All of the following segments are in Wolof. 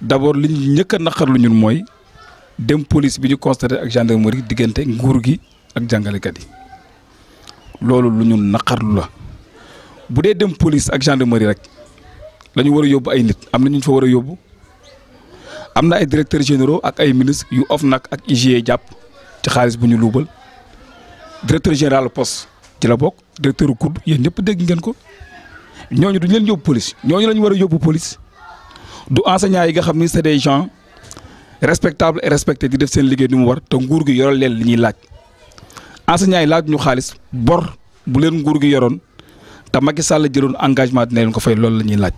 d' abord li ñu njëkk a lu ñun mooy dem police bi ñu constaté ak gendarmerie diggante nguur gi ak jàngalekat yi loolu lu ñu naqarlu la bu dee dem police ak gendarmerie rek la ñu war a yóbbu ay nit am na ñu fa war a yóbbu am na ay directeurs généraux ak ay ministres yu of OFNAC ak IGE jàpp ci xaalis bu ñu luubal directeur général post ci la bokk directeur COUD yéen ñëpp dégg ngeen ko ñooñu duñ leen yóbbu police ñooñu lañu ñu war a yóbbu police. du enseignants yi nga xam ni c'est des gens respectables et respectés di def seen liggéey ni mu war te nguur gi yoral leen li ñuy laaj enseignants yi laaj ñu xaalis bor bu leen nguur gi yoroon te Macky Sall jëloon engagement dina leen ko fay loolu la ñuy laaj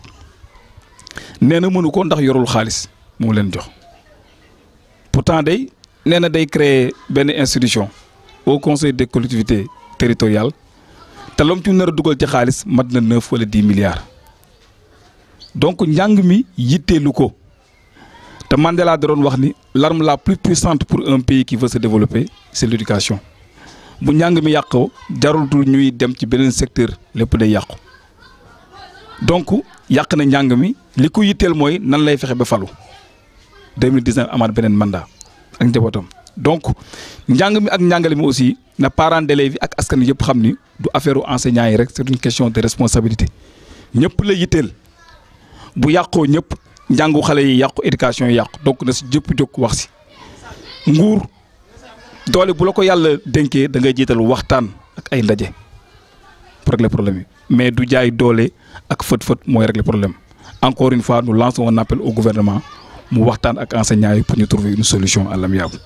nee na mënu ko ndax yorul xaalis moo leen jox temps day nee na day créer benn institution au conseil des collectivités territoriales te loom ci nar a dugal ci xaalis mat na neuf wala dix milliards. donc njàng mi yitteelu ko te Mandela laa daroon wax ni l'arme la plus puissante pour un pays kii veut se développer c'est l'éducation bu njàng mi yàqoo jarultul ñuy dem ci beneen secteur lépp day yàqu donc yàq na njàng mi li ko yitteel mooy nan lay fexe ba falu 2019 amaat beneen mandat ak njabootam donc njàng mi ak njàngale mi aussi na parents d'élèves yi ak askan yëpp xam ni du affaire enseignants yi rek c'est une question de responsabilité ñëpp la yitteel. bu yàqoo ñëpp njàngu xale yi yàqu éducation yi yàqu donc na si jëpp jóg wax si nguur doole bu la ko yàlla denkee da ngay jiital waxtaan ak ay ndaje pour régler problème yi mais du jaay doole ak fët-fët mooy régler problème encore une fois nous lançons un appel au gouvernement mu waxtaan ak enseignants yi pour ñu trouver une solution à l'amiable